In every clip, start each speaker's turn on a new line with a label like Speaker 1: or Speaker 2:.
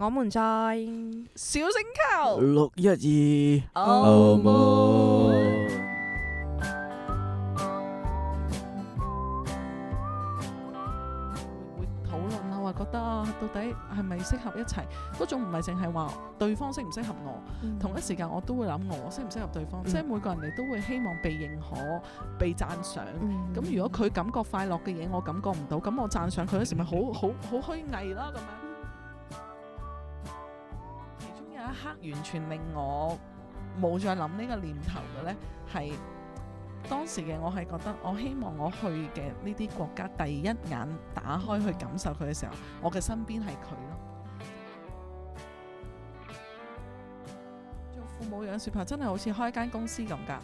Speaker 1: 我們在小星球
Speaker 2: 六一二，好冇？
Speaker 3: 會討論啊，或覺得啊，到底係咪適合一齊？嗰種唔係淨係話對方適唔適合我，同一時間我都會諗我適唔適合對方。即係每個人哋都會希望被認可、被讚賞。咁如果佢感覺快樂嘅嘢，我感覺唔到，咁我讚賞佢嘅時咪好好好虛偽啦咁樣。一刻完全令我冇再諗呢個念頭嘅呢，係當時嘅我係覺得，我希望我去嘅呢啲國家，第一眼打開去感受佢嘅時候，我嘅身邊係佢咯。做父母養小孩真係好似開間公司咁噶，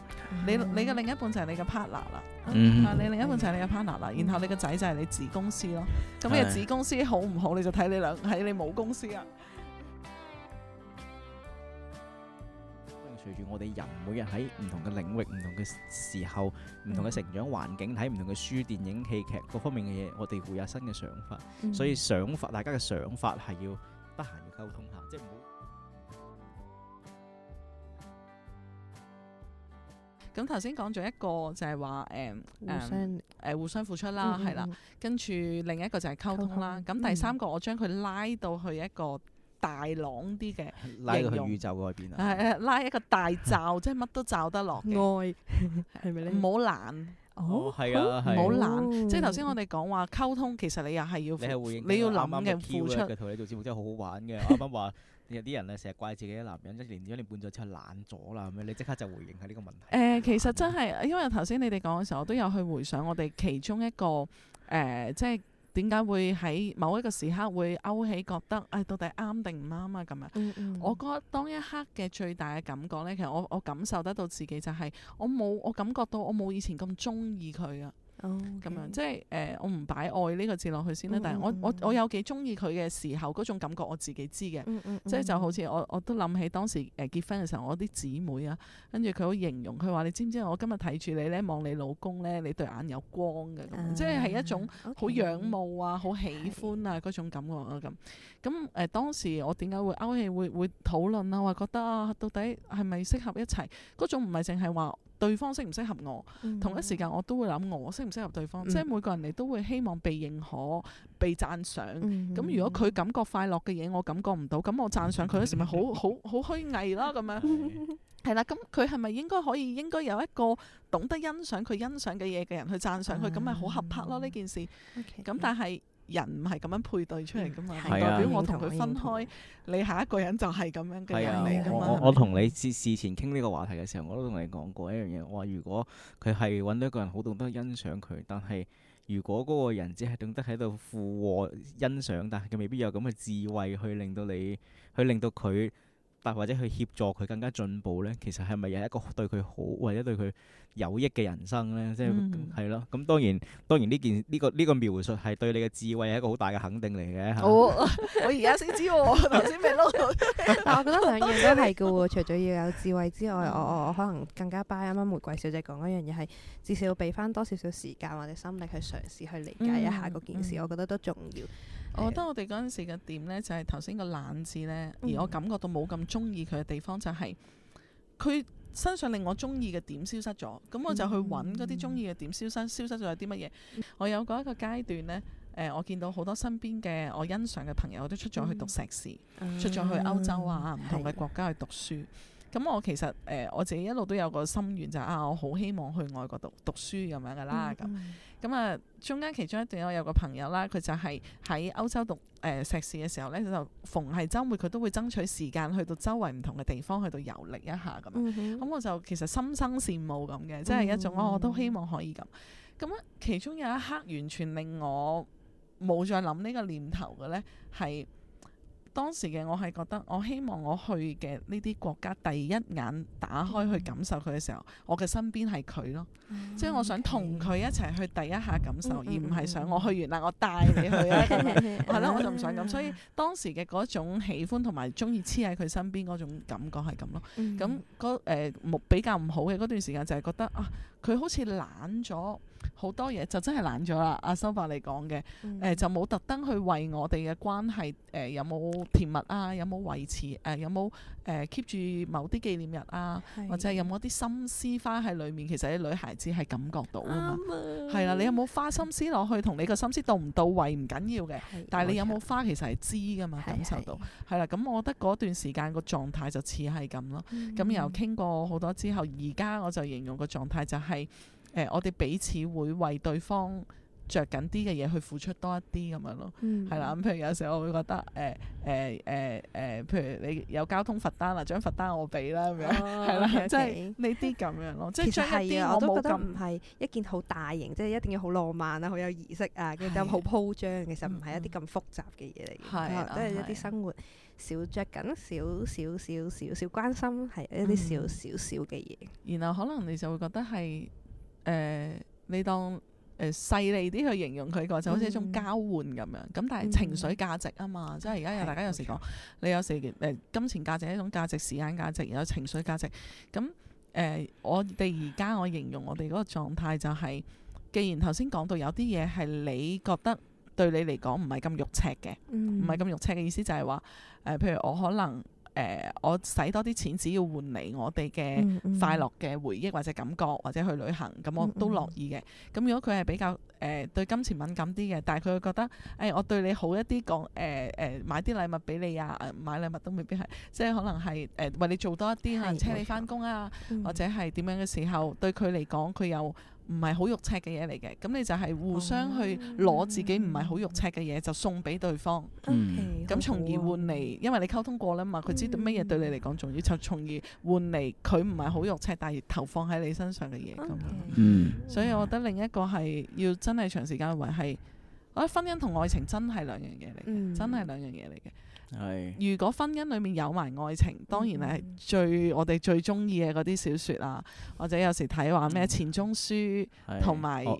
Speaker 3: 你你嘅另一半就係你嘅 partner 啦、嗯啊，你另一半就係你嘅 partner 啦、嗯，然後你個仔就係你子公司咯，咁、嗯、你子公司好唔好，你就睇你兩睇你母公司啦、啊。
Speaker 2: 住我哋人，每日喺唔同嘅領域、唔同嘅時候、唔同嘅成長環境，睇唔同嘅書、電影、戲劇各方面嘅嘢，我哋會有新嘅想法。所以想法，大家嘅想法係要得閒要溝通下，即係唔好。
Speaker 3: 咁頭先講咗一個就係話誒互相誒互相付出啦，係啦。跟住另一個就係溝通啦。咁第三個我將佢拉到去一個。大朗啲嘅，拉去宇
Speaker 2: 宙嗰邊啊！係係，
Speaker 3: 拉一個大罩，即係乜都罩得落。愛係咪你唔好懶
Speaker 2: 哦，係啊係。唔好懶，即係
Speaker 3: 頭先我哋講話溝通，其實你又係要，你係回應，你要諗嘅付出。
Speaker 2: 同你做節目真係好好玩嘅。啱啱話有啲人咧，成日怪自己啲男人一年半載之後懶咗啦，咁樣你即刻就回應下呢個問題。
Speaker 3: 誒，其實真係因為頭先你哋講嘅時候，我都有去回想我哋其中一個誒，即係。點解會喺某一個時刻會勾起覺得，誒、哎、到底啱定唔啱啊？咁啊，我覺得當一刻嘅最大嘅感覺咧，其實我我感受得到自己就係、是，我冇我感覺到我冇以前咁中意佢啊。哦，咁樣 Okay. 即係誒、呃，我唔擺愛呢個字落去先啦。嗯嗯嗯，但係我我我有幾鍾意佢嘅時候嗰種感覺，我自己知嘅。嗯嗯嗯嗯，即係就好似我我都諗起當時誒結婚嘅時候，我啲姊妹啊，跟住佢好形容，佢話你知唔知我今日睇住你咧，望你老公咧，你對眼有光嘅，咁、嗯嗯嗯、即係係一種好仰慕啊，Okay. 好喜歡啊嗰種感覺啊咁。咁誒是當時我點解會勾起會會討論啦、啊？我覺得啊，到底係咪適合一齊？嗰種唔係淨係話。對方適唔適合我，同一時間我都會諗我適唔適合對方。Mm hmm. 即係每個人嚟都會希望被認可、被讚賞。咁、mm hmm. 如果佢感覺快樂嘅嘢，我感覺唔到，咁我讚賞佢嗰時咪、mm hmm. 好好好虛偽咯咁樣。係啦、mm，咁佢係咪應該可以應該有一個懂得欣賞佢欣賞嘅嘢嘅人去讚賞佢，咁咪好合拍咯呢、mm hmm. 件事。咁 Okay. 但係。人唔係咁樣配對出嚟噶嘛，係代表我同佢分開，嗯啊、你下一個人就係咁樣嘅人嚟噶嘛。啊、我同
Speaker 2: 你事事前傾呢個話題嘅時候，我都同你講過一樣嘢，我話如果佢係揾到一個人好懂得欣賞佢，但係如果嗰個人只係懂得喺度附和欣賞，但係佢未必有咁嘅智慧去令到你，去令到佢。或者去協助佢更加進步咧，其實係咪係一個對佢好或者對佢有益嘅人生咧？即係係咯，咁、嗯嗯、當然當然呢件呢、呢個呢、呢個描述係對你嘅智慧係一個好大嘅肯定嚟嘅。哦、 我
Speaker 1: 我而家先知，頭先未攞到。但係我覺得兩樣都係嘅喎， 除咗要有智慧之外，我我、嗯、我可能更加 buy 啱啱玫瑰小姐講嗰樣嘢，係至少俾翻多少少時間或者心力去嘗試去理解一下嗰件事，嗯、我覺得都重要。
Speaker 3: 我覺得我哋嗰陣時嘅點呢，就係頭先個冷字呢。而我感覺到冇咁中意佢嘅地方就係佢身上令我中意嘅點消失咗。咁我就去揾嗰啲中意嘅點消失，消失咗有啲乜嘢？我有過一個階段呢，誒、呃，我見到好多身邊嘅我欣賞嘅朋友都出咗去讀碩士，出咗去歐洲啊，唔同嘅國家去讀書。咁我其實誒、呃、我自己一路都有個心願，就係、是、啊，我好希望去外國讀讀書咁樣㗎啦咁。咁啊、mm hmm.，中間其中一段我有個朋友啦，佢就係喺歐洲讀誒、呃、碩士嘅時候咧，佢就逢係週末佢都會爭取時間去到周圍唔同嘅地方去到遊歷一下咁。咁、mm hmm. 我就其實心生羨慕咁嘅，即、就、係、是、一種啊，我都希望可以咁。咁、mm hmm. 其中有一刻完全令我冇再諗呢個念頭嘅咧，係。當時嘅我係覺得，我希望我去嘅呢啲國家，第一眼打開去感受佢嘅時候，我嘅身邊係佢咯，嗯、即係我想同佢一齊去第一下感受，嗯、而唔係想我去完啦，嗯、我帶你去啊，係咯，我就唔想咁。所以當時嘅嗰種喜歡同埋鍾意黐喺佢身邊嗰種感覺係咁咯。咁嗰誒比較唔好嘅嗰段時間就係覺得啊，佢好似懶咗。好多嘢就真係懶咗啦，阿修法你講嘅，誒就冇特登去為我哋嘅關係，誒有冇甜蜜啊，有冇維持，誒有冇誒 keep 住某啲紀念日啊，或者有冇啲心思花喺裏面，其實啲女孩子係感覺到啊
Speaker 2: 嘛，係啦，你
Speaker 3: 有冇花心思落去同你個心思到唔到位唔緊要嘅，但係你有冇花其實係知噶嘛，感受到，係啦，咁我覺得嗰段時間個狀態就似係咁咯，咁又傾過好多之後，而家我就形容個狀態就係。誒，我哋彼此會為對方着緊啲嘅嘢去付出多一啲咁樣咯，係啦。咁譬如有時我會覺得誒誒誒誒，譬如你有交通罰單啦，將罰單我俾啦咁樣，係啦，即係呢啲咁樣咯。其實係啊，我都覺得唔
Speaker 1: 係一件好大型，即係一定要好浪漫啊，好有儀式啊，好鋪張。其實唔係一啲咁複雜嘅嘢嚟嘅，都係一啲生活少着緊，少少少少少關心係一啲少少少嘅嘢。然後可能你就會覺得係。誒、呃，你當誒、呃、細膩啲去形
Speaker 3: 容佢個，就好似一種交換咁樣。咁、嗯、但係情緒價值啊嘛，嗯、即係而家有大家有時講，對你有時誒 okay.、呃、金錢價值係一種價值，時間價值有情緒價值。咁誒、呃，我哋而家我形容我哋嗰個狀態就係、是，既然頭先講到有啲嘢係你覺得對你嚟講唔係咁肉赤嘅，唔係咁肉赤嘅意思就係話，誒、呃、譬如我可能。誒、呃，我使多啲錢，只要換嚟我哋嘅快樂嘅回憶或者感覺，或者去旅行，咁我都樂意嘅。咁如果佢係比較誒、呃、對金錢敏感啲嘅，但係佢會覺得，誒、哎、我對你好一啲講，誒、呃、誒買啲禮物俾你啊，買禮物都未必係，即係可能係誒為你做多一啲嚇、啊，車你返工啊，的或者係點樣嘅時候，嗯、對佢嚟講，佢又。唔係好肉赤嘅嘢嚟嘅，咁你就係互相去攞自己唔係好肉赤嘅嘢，哦、就送俾對方。咁、嗯、從而換嚟，嗯、因為你溝通過啦嘛，佢、嗯、知道乜嘢對你嚟講重要，就從而換嚟佢唔係好肉赤，但係投放喺你身上嘅嘢咁。哦、okay，嗯，嗯，所以我覺得另一個係要真係長時間維係。我覺得婚姻同愛情真係兩樣嘢嚟嘅，嗯、真係兩樣嘢嚟嘅。
Speaker 2: 係
Speaker 3: 如果婚姻裏面有埋愛情，當然係最、嗯、我哋最中意嘅嗰啲小説啊，或者有時睇話咩錢鍾書同埋、嗯、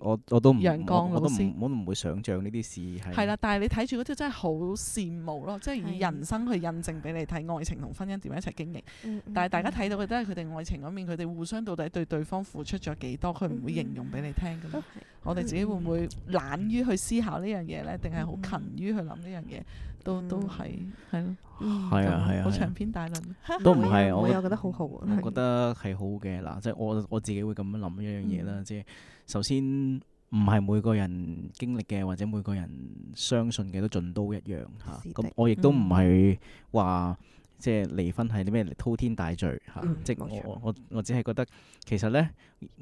Speaker 3: 陽光老師，我，
Speaker 2: 我，我都唔會想象呢啲事係。啦、啊，
Speaker 3: 但係你睇住嗰啲真係好羨慕咯，即係以人生去印證俾你睇愛情同婚姻點樣一齊經營。嗯嗯、但係大家睇到嘅都係佢哋愛情嗰面，佢哋互相到底對對方付出咗幾多，佢唔會形容俾你聽㗎、嗯嗯、噉我哋自己會唔會懶於去思考咧？呢樣嘢呢定係好勤於去諗呢樣嘢，都都係係咯，係啊係啊，好長篇大論、嗯、都唔係、嗯、我覺有覺得好好，我覺
Speaker 2: 得係好嘅嗱，即係、啊、我我自己會咁樣諗一樣嘢啦，嗯、即係首先唔係每個人經歷嘅或者每個人相信嘅都盡都一樣吓，咁我亦都唔係話即係離婚係啲咩滔天大罪吓，即係我、嗯、我我只係覺得其實呢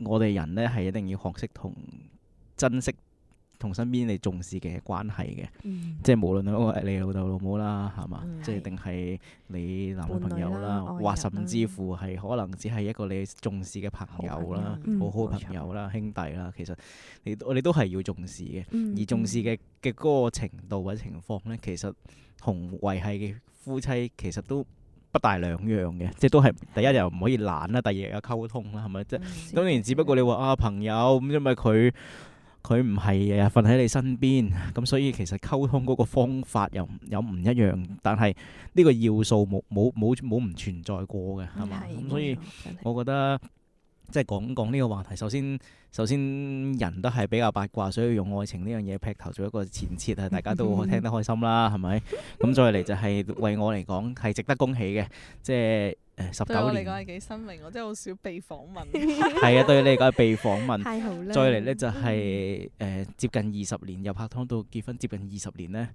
Speaker 2: 我哋人呢係一定要學識同珍惜。同身邊你重視嘅關係嘅，即係無論你老豆老母啦，係嘛，即係定係你男女朋友啦，或甚至乎係可能只係一個你重視嘅朋友啦、好好朋友啦、兄弟啦，其實你我哋都係要重視嘅，而重視嘅嘅嗰個程度或者情況咧，其實同維繫嘅夫妻其實都不大兩樣嘅，即係都係第一又唔可以懶啦，第二又溝通啦，係咪即係？當然，只不過你話啊朋友咁，因為佢。佢唔係日日瞓喺你身邊，咁、嗯、所以其實溝通嗰個方法又有唔一樣，但係呢個要素冇冇冇冇唔存在過嘅，係嘛的、嗯？所以我覺得的即係講講呢個話題。首先，首先人都係比較八卦，所以用愛情呢樣嘢劈頭做一個前設啊，大家都聽得開心啦，係咪？ 咁再嚟就係為我嚟講係值得恭喜嘅，即係。誒十九年，對我
Speaker 3: 嚟講係幾新穎，我真係好少被訪問。
Speaker 2: 係啊，對你嚟講係被訪問。 再嚟咧就係、是、誒、呃、接近二十年，由拍拖到結婚接近二十年咧。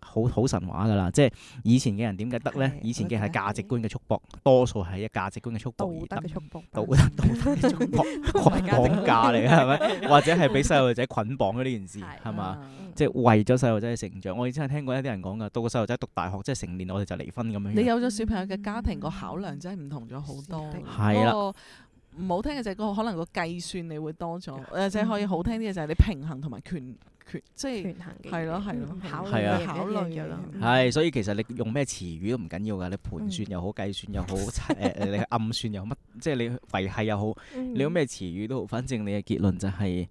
Speaker 2: 好好神話噶啦，即係以前嘅人點解得咧？以前嘅人係價值觀嘅束縛，多數係一價值觀嘅束縛而得，道德束縛，道德綁架嚟嘅，係咪？ 或者係俾細路仔捆綁嘅呢件事係嘛？ 即係為咗細路仔嘅成長，我以前聽過一啲人講噶，到個細路仔讀大學即係成年，我哋就離婚咁樣。你有
Speaker 3: 咗小朋友嘅家庭個、嗯、考量真係唔同咗好多。係啦季。哦嗯唔好聽嘅就係個可能個計算你會多咗，嗯、或者可以好聽啲嘅就係你平衡同埋權權，即係權衡嘅係咯係咯，係呀、考慮嘅咯。係、啊
Speaker 2: 啊，所以其實你用咩詞語都唔緊要噶，你盤算又好，嗯、計算又好，誒、 呃、你暗算又好，乜即係你維繫又好，嗯、你用咩詞語都，好。反正你嘅結論就係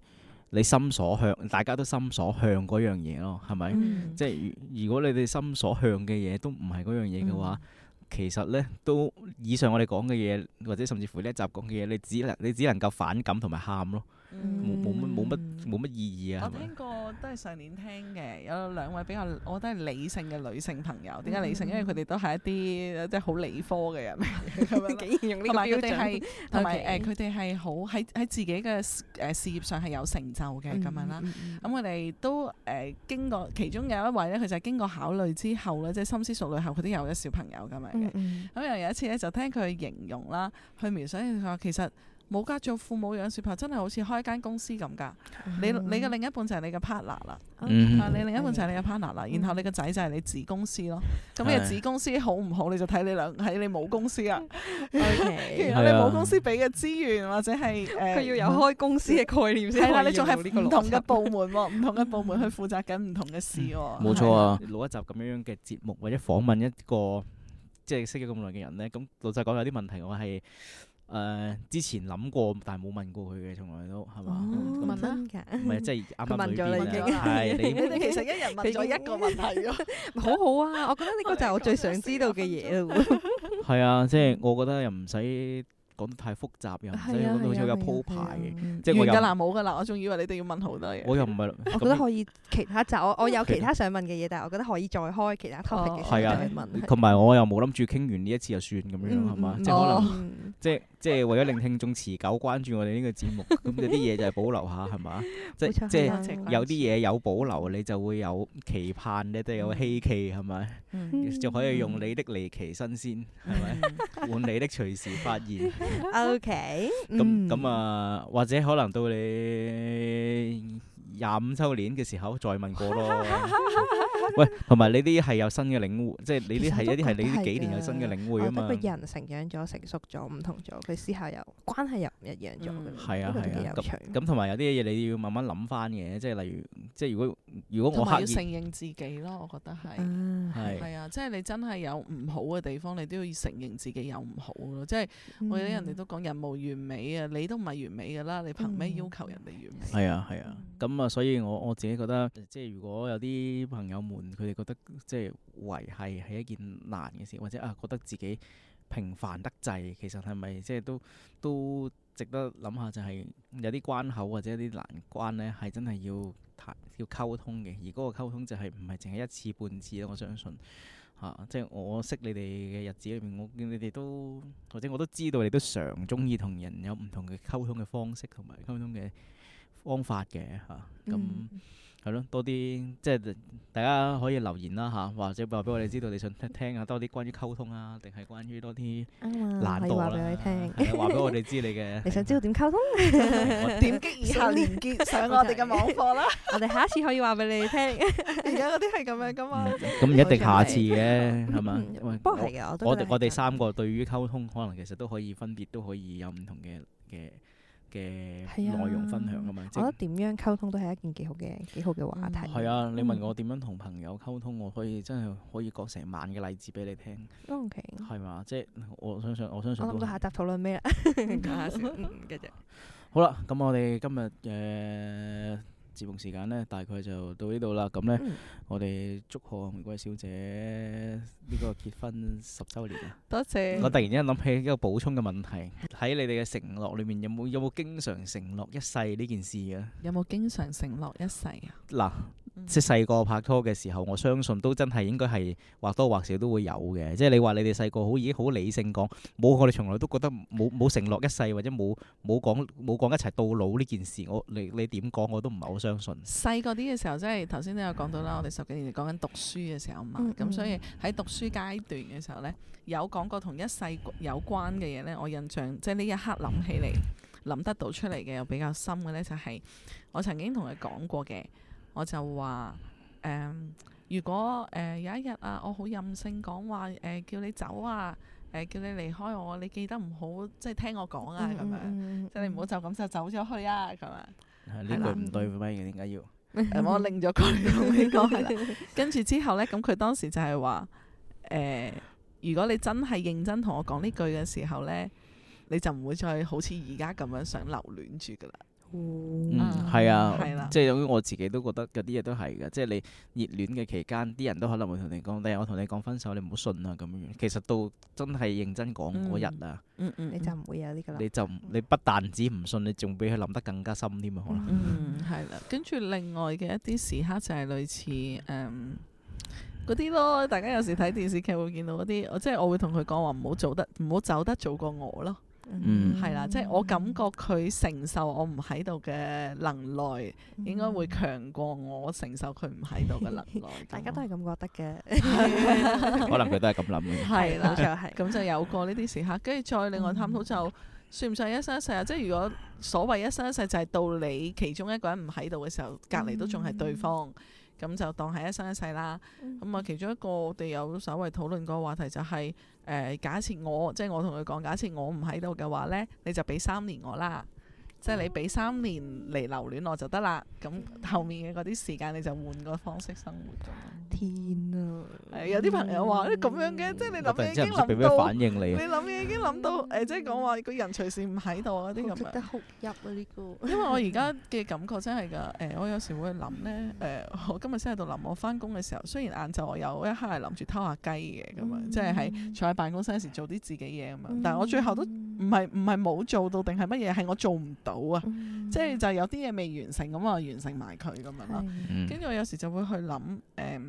Speaker 2: 你心所向，大家都心所向嗰樣嘢咯，係咪？嗯、即係如果你哋心所向嘅嘢都唔係嗰樣嘢嘅話。嗯其實咧，都以上我哋講嘅嘢，或者甚至乎呢一集講嘅嘢，你只能你只能夠反感同埋喊咯。冇冇乜冇乜冇乜意義啊！我聽
Speaker 3: 過都係上年聽嘅，有兩位比較，我覺得係理性嘅女性朋友。點解理性？ 因為佢哋都係一啲即係好理科嘅人嚟，嗯、 竟然用呢啲標準。同埋佢哋係同埋誒，佢哋係好喺喺自己嘅誒事業上係有成就嘅咁、嗯、樣啦。咁我哋都誒、呃、經過，其中有一位咧，佢就經過考慮之後咧，即、就、係、是、深思熟慮後，佢都有咗小朋友咁樣嘅。咁、嗯嗯啊、又有一次咧，就聽佢形容啦，去描述佢話其實。冇家做父母養小朋友，真係好似開間公司咁噶。 你你嘅另一半就係你嘅 partner 啦，你另一半就係你嘅 partner 啦。然後你個仔就係你子公司咯。咁你子公司好唔好，你就睇你兩睇你冇公司啦。其實 Okay 你冇公司俾嘅資源或者係佢、呃、 要有開公司嘅概念先。係你仲係唔同嘅部門喎，唔同嘅部門去負責緊唔同嘅事喎。冇 錯啊，
Speaker 2: 錄一集咁樣嘅節目或者訪問一個即係識咗咁耐嘅人咧，咁老實講有啲問題我係。誒、呃，之前諗過，但係冇問過佢嘅，從來都係嘛？
Speaker 1: 哦嗯、問啦吧，唔係即係啱啱問咗啦已經了你哋， 你 你其實一人問咗一個問題咯， 好好啊！我覺得呢個就係我最想知道嘅嘢咯。
Speaker 2: 係啊，即係我覺得又唔使，講得太複雜，又唔使講到好似有鋪排嘅。冇㗎啦，
Speaker 1: 冇㗎啦，我仲以為你都要問好多嘢。我又唔係。我覺得可以其他就我有其他想問嘅嘢，但係我覺得可以再開其他 topic 嘅，係啊，同
Speaker 2: 埋我又冇諗住傾完呢一次就算咁樣，係嘛？即係可能，即係即係為咗令聽眾持久關注我哋呢個節目，咁有啲嘢就係保留下，係嘛？即即即有啲嘢有保留，你就會有期盼，你哋有希冀，係咪？嗯、就可以用你的離奇新鮮，係咪、嗯、 換你的隨時發現
Speaker 1: ？OK，咁咁
Speaker 2: 啊，或者可能到你廿五周年嘅時候再問過咯。 喂，同埋你啲係有新嘅領會，即係你啲係一啲係你呢幾年有新嘅領會啊嘛。覺得個人
Speaker 1: 成長咗、成熟咗、唔同咗，佢思考又關係又唔一
Speaker 2: 樣咗。係啊係啊，咁咁同埋有啲嘢你要慢慢諗翻嘅，即係例如，即係如果如果我刻意要承
Speaker 3: 認自己咯，我覺得係係係啊，即係你真係有唔好嘅地方，你都要承認自己有唔好咯。即係我哋啲人哋都講人無完美啊，你都唔係完美㗎啦，你憑咩要求人哋完美？係啊
Speaker 2: 係啊，咁啊，所以我我自己覺得，即係如果有啲朋友。佢哋覺得即係維繫係一件難嘅事，或者啊覺得自己平凡得滯，其實係咪即係都都值得諗下？就係、是、有啲關口或者有啲難關呢，係真係要要溝通嘅。而嗰個溝通就係唔係淨係一次半次啦。我相信嚇、啊，即係我識你哋嘅日子裏面，我見你哋都或者我都知道你都常中意同人有唔同嘅溝通嘅方式同埋溝通嘅方法嘅嚇，咁。啊係咯，多啲即係大家可以留言啦吓，或者話俾我哋知道你想聽下多啲關於溝通啊，定係關於多啲懶惰啦。係話俾我哋知你嘅，你想知道點溝通？ 點擊
Speaker 1: 以下連結上我哋嘅網課啦。 我哋下一次可以話俾你聽，而家嗰啲係咁樣噶嘛。咁、嗯、一定下
Speaker 2: 次嘅係嘛？是不過 不我我我哋們的三個對於溝通，可能其實都可以分別都可以有唔同嘅嘅。嘅內容分享啊嘛，即我覺得
Speaker 1: 點樣溝通都係一件幾好嘅幾好嘅話題。係、嗯、啊，
Speaker 2: 你問我點樣同朋友溝通？嗯、我可以真係可以講成晚嘅例子俾你聽。嗯、OK。係嘛？即係我相信我相信。我想到
Speaker 1: 下集討論咩啦？ 講下
Speaker 2: 先。嗯、好啦，咁我哋今日嘅。呃節目時間呢，大概就到呢度啦。咁呢，嗯、我哋祝賀玫瑰小姐呢個結婚十週年啊！多謝。我突然之間諗起一個補充嘅問題，喺你哋嘅承諾裏面有有，有冇有冇經常承諾一世呢件事嘅？
Speaker 3: 有冇經常承諾一世
Speaker 2: 啊？嗱。即係細個拍拖嘅時候，我相信都真係應該係或多或少都會有嘅。即係你話你哋細個好已經好理性講，冇我哋從來都覺得冇冇承諾一世或者冇冇講冇講一齊到老呢件事。我你你點講我都唔係好相信。
Speaker 3: 細個啲嘅時候即係頭先都有講到啦。我哋十幾年嚟講緊讀書嘅時候嘛，咁 所以喺讀書階段嘅時候呢，有講過同一世有關嘅嘢呢。我印象即係呢一刻諗起嚟諗得到出嚟嘅又比較深嘅呢，就係我曾經同佢講過嘅。我就話誒、嗯，如果誒、呃、有一日啊，我好任性講話誒，叫你走啊，誒、呃、叫你離開我，你記得唔好即係聽我講啊，咁、嗯、樣即係你唔好就咁就，就走咗去啊，咁啊
Speaker 2: 呢句唔對咩？點解要我擰咗
Speaker 3: 佢？跟住之後咧，咁佢當時就係話誒，如果你真係認真同我講呢句嘅時候咧，你就唔會再好似而家咁
Speaker 2: 樣想留戀住噶啦。嗯，係啊，即係等於我自己都覺得有啲嘢都係嘅，的即係你熱戀嘅期間，啲人都可能會同你講，第、哎、日我同你講分手，你唔好信啊咁樣。其實到真係認真講嗰日啊，你就唔會有呢個諗，你就不你不但止唔信，你仲比佢諗得更加深添啊。可能
Speaker 3: 係啦、嗯，跟住另外嘅一啲時刻就係類似誒嗰啲咯，大家有時睇電視劇會見到嗰啲，我即係我會同佢講話唔好走得唔好走得早過我咯。嗯，係啦、mm，即、hmm. 係、就係、我感覺佢承受我唔喺度嘅能耐，應該會強過我承受佢
Speaker 1: 唔喺度嘅能耐。Mm hmm. 大家都係咁覺得嘅，
Speaker 3: 可能佢都係咁諗嘅。係啦，咁、就係、 就有過呢啲時刻，跟住再另外探討就、mm hmm. 算唔算一生一世啊？即係如果所謂一生一世就係到你其中一個人唔喺度嘅時候，mm hmm. 隔籬都仲係對方。咁就當係一生一世啦。咁啊、嗯，其中一個我哋有所謂討論過嘅話題就係、是、誒、呃，假設我即係我同佢講，假設我唔喺度嘅話咧，你就俾三年我啦。即係你俾三年嚟留戀我就得啦，咁後面嘅嗰啲時間你就換個方式生活咗。天啊！係、呃、有啲朋友話咁、嗯欸、樣嘅，即係你諗嘢已經諗到，嗯、你諗嘢已經諗到誒，即係講話個人隨時唔喺度啊啲咁啊。好
Speaker 1: 值得哭泣啊呢個！嗯、因為我而
Speaker 3: 家嘅感覺真係噶，誒、呃、我有時會諗咧，誒、嗯呃、我今日先喺度諗，我翻工嘅時候雖然晏晝我有一刻係諗住偷下雞嘅咁啊，嗯、即係喺坐喺辦公室嗰時做啲自己嘢咁啊，但係我最後都唔係唔係冇做到定係乜嘢？係我做唔到。好啊，嗯、即係就有啲嘢未完成咁啊，完成埋佢咁樣嘛，跟住是我有時就會去諗誒。呃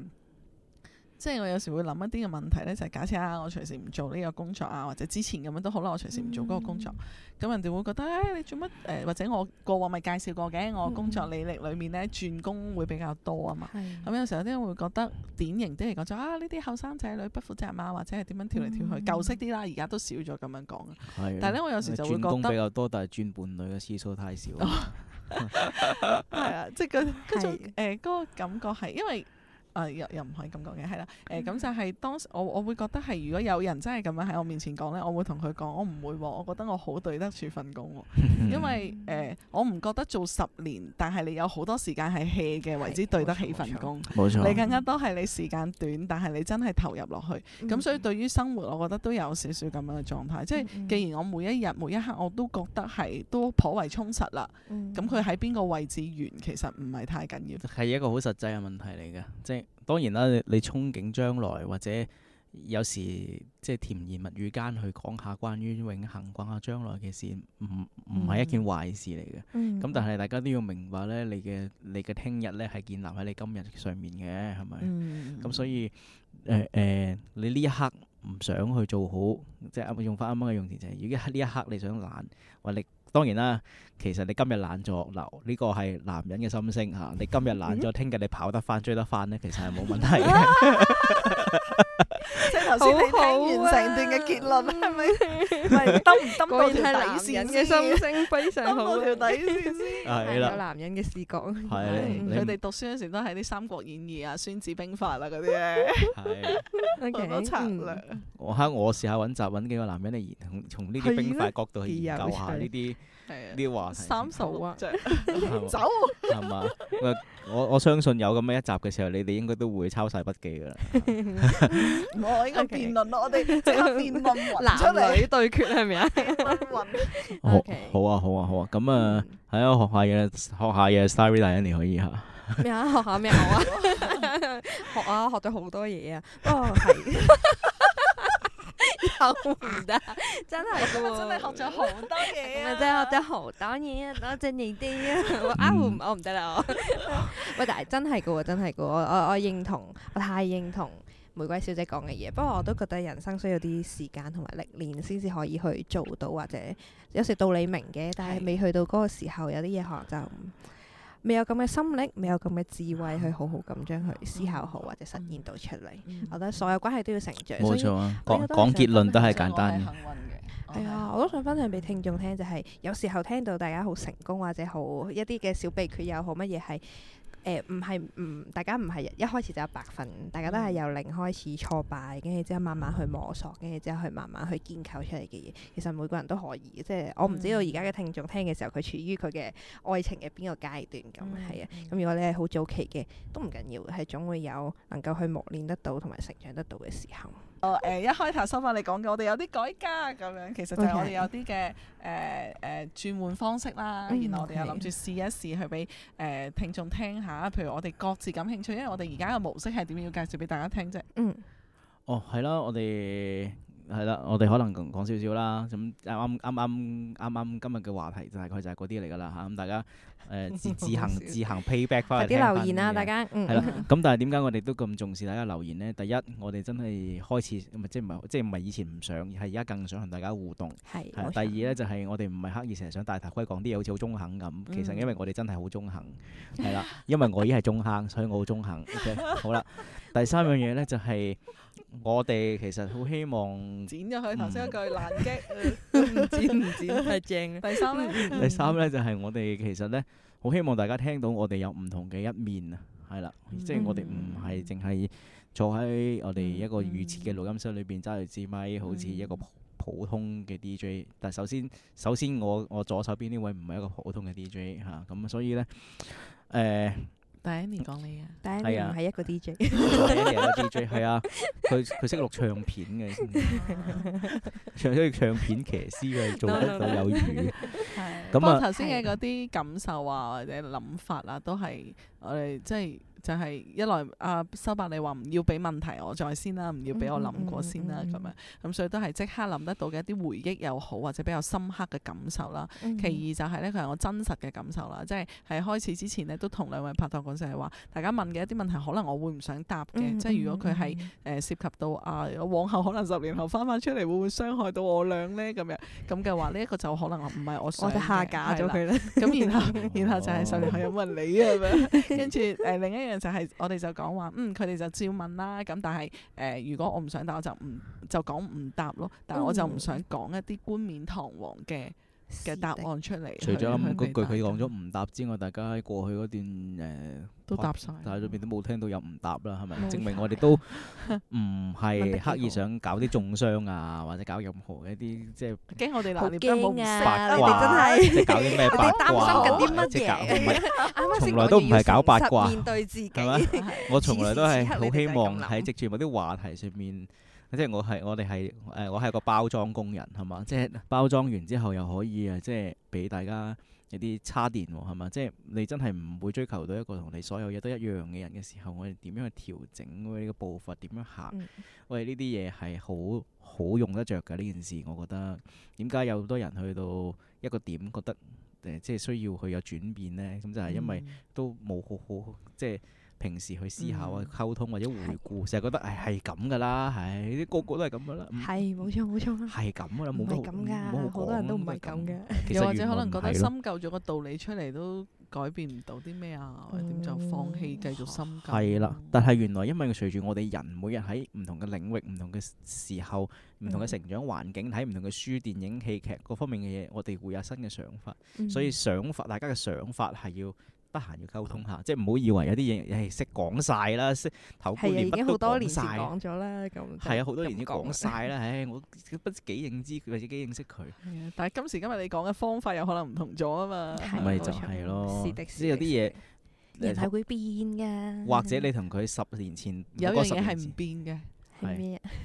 Speaker 3: 即係我有時會諗一啲嘅問題咧，就係、是、假設啊，我隨時唔做呢個工作啊，或者之前咁樣都好啦，我隨時唔做嗰個工作，咁、嗯、人哋會覺得誒、哎，你做乜誒？或者我過往咪介紹過嘅，我工作履歷裏面咧轉工會比較多啊嘛。咁的有時候有啲人會覺得典型即係講咗：「啊，呢啲後生仔女不負責任啊，或者係點樣跳嚟跳去，嗯、舊式啲啦，而家都少咗咁樣講。
Speaker 2: 的但係咧，我有時就會覺得比較多，但係轉伴侶嘅次數太少。係啊，
Speaker 3: 即係跟跟住嗰個感覺係因為。又又唔可以咁講嘅，係啦，誒咁就係當時我我會覺得係，如果有人真係咁樣喺我面前講咧，我會同佢講，我唔會喎，我覺得我好對得住份工，因為誒我唔覺得做十年，但係你有好多時間係 hea 嘅為之對得起份工，冇錯，你更加多係你時間短，但係你真係投入落去，咁所以對於生活，我覺得都有少少咁樣嘅狀態，即係既然我每一日每一刻我都覺得係都頗為充實啦，咁佢喺邊個位置完其實唔係太緊要，
Speaker 2: 係一個好實際嘅問題嚟嘅，即當然啦，你憧憬將來或者有時即係甜言蜜語間去講下關於永恆，講下將來嘅事，唔唔係一件壞事嚟嘅。咁、嗯、但係大家都要明白呢，你嘅你嘅聽日呢係建立喺你今日上面嘅，係咪？咁、嗯、所以誒誒、呃呃，你呢一刻唔想去做好，即係用翻啱啱嘅用詞就係，如果呢一刻你想懶，話你當然啦。其實你今日懶咗，落樓，呢個係男人嘅心聲啊！你今日懶咗，聽日你跑得翻、追得翻呢？其實係冇問題嘅。好，頭先你聽
Speaker 1: 完成段嘅結論，係咪？果然係男人嘅心聲，非
Speaker 3: 常好。有男人嘅視角。係，佢哋讀書嗰時都係啲《三國演義》啊、《孫子兵法》啊嗰啲咧。好多策略。
Speaker 2: 我喺我試下揾集，揾幾個男人嚟研，從呢啲兵法角度去研究下呢啲。係啊，啲話題
Speaker 3: 三十萬，走
Speaker 2: 係嘛？我我相信有咁嘅一集嘅時候，你哋應該都會抄晒筆記噶啦。
Speaker 3: 唔好，依家辯論咯，我哋即
Speaker 1: 刻辯論出嚟啲對決係咪啊？
Speaker 2: 好，好啊，好啊，好啊。咁啊，係啊，學下嘢，學下嘢。Starry Danny 可以吓？
Speaker 1: 咩啊？學下咩啊？學啊，學咗好多嘢啊。哦係。 真胡唔得，真係噶，真係學咗好多嘢啊！真係學咗好多嘢，多謝你啲啊！我唔得啦我。喂，但係真係噶，真係噶，我我我認同，我太認同玫瑰小姐講嘅嘢。不過我都覺得人生需要啲時間同埋歷練先至可以去做到，或者有時道理明嘅，但係未去到嗰個時候，有啲嘢可能就。未有咁嘅心力，未有咁嘅智慧去好好咁將佢思考好或者實現到出嚟。我覺得所有關係都要成長。冇錯啊，講講以講結
Speaker 2: 論都係簡單。幸運
Speaker 1: 嘅係啊 Okay.、哎，我都想分享俾聽眾聽，就係、係、有時候聽到大家好成功或者好一啲嘅小秘訣又好乜嘢係。誒唔係唔，大家唔係一開始就有100分，大家都係由零開始挫敗，跟住之後慢慢去摸索，跟住之後去慢慢去建構出嚟嘅嘢。其實每個人都可以，即係我唔知道而家嘅聽眾聽嘅時候，佢處於佢嘅愛情嘅邊個階段咁，係啊。咁、嗯、如果你係好早期嘅，都唔緊要，係總會有能夠去磨練得到同埋成長得到嘅時候。
Speaker 3: 哦，嗯嗯、一開頭收翻你講嘅，我哋有啲改革咁樣，其實就係我哋有啲嘅誒誒轉換方式啦。嗯、然後我哋又諗住試一試去俾誒聽眾聽下，譬如我哋各自感興趣，因為我哋而家嘅模式係點樣要介紹俾大家聽啫。嗯，
Speaker 2: 哦係啦，我哋。係啦，我哋可能講少少啦，咁啱啱啱啱今日嘅話題就大概就係嗰啲嚟噶啦吓，咁大家誒、呃、自自行 自行 feedback 翻嚟啲留言啊，大家、嗯，係啦。咁但係點解我哋都咁重視大家留言咧？第一，我哋真係開始唔係即係唔係即係唔係以前唔想，係而家更想同大家互動。係。第二咧就係、是、我哋唔係刻意成日想大談歸講啲嘢，好似好中肯咁。其實因為我哋真係好中肯，係啦、嗯，因為我已經係中， 中坑，所以我好中肯。好啦。第三樣嘢咧，就係、是、我哋其實好希望
Speaker 3: 剪咗佢。頭先一句爛擊，剪唔剪係正。第三咧，第
Speaker 2: 三咧就係我哋其實咧，好希望大家聽到我哋有唔同嘅一面啊，係啦，嗯、即係我哋唔係淨係坐喺我哋一個預設嘅錄音室裏邊揸住支咪，好似一個普，普通嘅 DJ。但首先，首先，首先我我左手邊呢位唔係一個普通嘅 DJ 嚇、啊，咁所以咧，誒。呃
Speaker 3: 第一名講你啊！第一名唔係一個 DJ，係啊，
Speaker 2: 佢佢識錄唱片嘅，所以、啊、唱，唱片騎師嘅做得最有餘。咁我頭先嘅嗰
Speaker 3: 啲感受啊，或者諗法啊，都係我哋即係。就係一來，阿修伯你話唔要俾問題我再先啦，唔要俾我諗過先啦，咁樣咁所以都係即刻諗得到嘅一啲回憶又好，或者比較深刻嘅感受啦。其二就係咧，佢係我真實嘅感受啦，即係喺開始之前咧，都同兩位拍檔講就係話，大家問嘅一啲問題，可能我會唔想答嘅，即係如果佢係誒涉及到啊，往後可能十年後翻返出嚟，會唔會傷害到我兩咧？咁樣咁嘅話，呢一個就可能唔係我，下架咗佢啦。咁然後然後就係十年後有冇人理啊？咁樣跟住誒另一樣。就係我哋就講話，嗯，佢哋就照問啦。咁但係誒、呃，如果我唔想答，我就唔就講唔答咯。但係我就唔想講一啲冠冕堂皇嘅。嘅答案出嚟，除
Speaker 2: 咗嗰句佢講咗唔答之外，大家喺過去嗰段誒，都答晒，但係入邊都冇聽到有唔答啦，係咪？證明我哋都唔係刻意想搞啲中傷啊，或者搞任何一啲即係驚我哋鬧，驚啊！你哋真係，即搞啲咩八卦？你擔心緊啲乜嘢？從來都唔係搞八卦，面對自己。我從來都係好希望喺直接某啲話題上面。即係我係我哋係誒，我係、呃、個包裝工人，係嘛？即係包裝完之後又可以啊，即係俾大家有啲叉電喎，係嘛？即係你真係唔會追求到一個同你所有嘢都一樣嘅人嘅時候，我哋點樣去調整呢、這個步伐？點樣行？喂、嗯，呢啲嘢係好好用得着嘅呢件事，我覺得點解有好多人去到一個點覺得誒、呃，即係需要去有轉變呢？咁就係因為都冇好好即係。平時去思考啊、溝通或者回顧，成日、嗯、覺得誒係咁噶啦，係、哎、啲、哎、個個都係咁噶啦。係冇錯冇錯。係咁噶啦，冇乜好說
Speaker 1: 多人都唔係咁嘅。又或者可能覺得深
Speaker 3: 究咗個道理出嚟都改變唔到啲咩啊，點就、嗯、放棄繼續深究。
Speaker 2: 係啦、嗯，但係原來因為隨住我哋人每日喺唔同嘅領域、唔同嘅時候、唔同嘅成長環境，睇唔、嗯、同嘅書、電影、戲劇各方面嘅嘢，我哋會有新嘅想法。嗯、所以想法，大家嘅想法係要。得閒要溝通下，即係唔好以為有啲嘢，係識講晒啦，識頭顧已經好多年先講
Speaker 1: 咗啦，咁係啊，好多
Speaker 2: 年已經講晒啦，唉，我不知幾認知佢，或者幾認識佢。
Speaker 3: 但係今時今日你講嘅方法有可能唔同咗啊嘛，咪就係咯，
Speaker 2: 即有啲嘢人係會
Speaker 1: 變㗎。
Speaker 2: 或者你同佢十年前有樣嘢係
Speaker 3: 唔變嘅。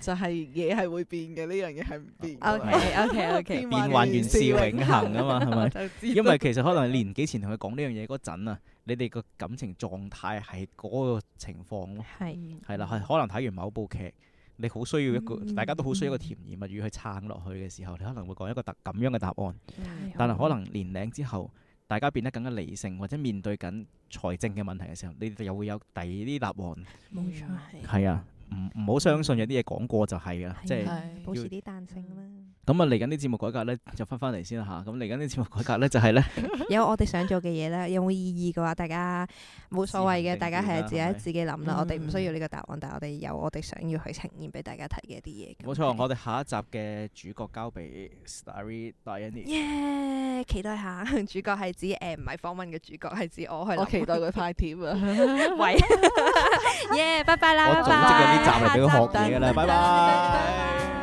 Speaker 3: 就係嘢係會變嘅，呢樣嘢係唔變嘅。O K O K O K。變幻原是永恆啊嘛，係咪？因
Speaker 2: 為其實可能年幾前同佢講呢樣嘢嗰陣啊，你哋個感情狀態係嗰個情況咯。係。係啦，係可能睇完某部劇，你好需要一個，嗯、大家都好需要一個甜言蜜語去撐落去嘅時候，你可能會講一個咁樣嘅答案。嗯、但係可能年零之後，大家變得更加理性，或者面對緊財政嘅問題嘅時候，你哋又會有第二啲答案。冇錯。係。係啊。唔，唔好相信有啲嘢講過就係㗎啦的，即係是保持啲
Speaker 1: 彈性啦。嗯
Speaker 2: 咁啊，嚟緊啲節目改革咧，就翻翻嚟先啦。吓，咁嚟緊啲節目改革咧，就係咧
Speaker 1: 有我哋想做嘅嘢咧。有冇意義嘅話，大家冇所謂嘅，大家係自己自己諗啦。我哋唔需要呢個答案，但係我哋有我哋想要去呈現俾大家睇嘅一啲
Speaker 2: 嘢。冇錯，我哋下一集嘅主角交俾 Starry Diana。
Speaker 1: Yeah，期待下主角係指，誒唔係訪問嘅主角係指我，係我期待佢派帖啊。喂，耶，拜拜啦，我總
Speaker 2: 結緊呢集嚟俾佢學嘢啦，拜拜。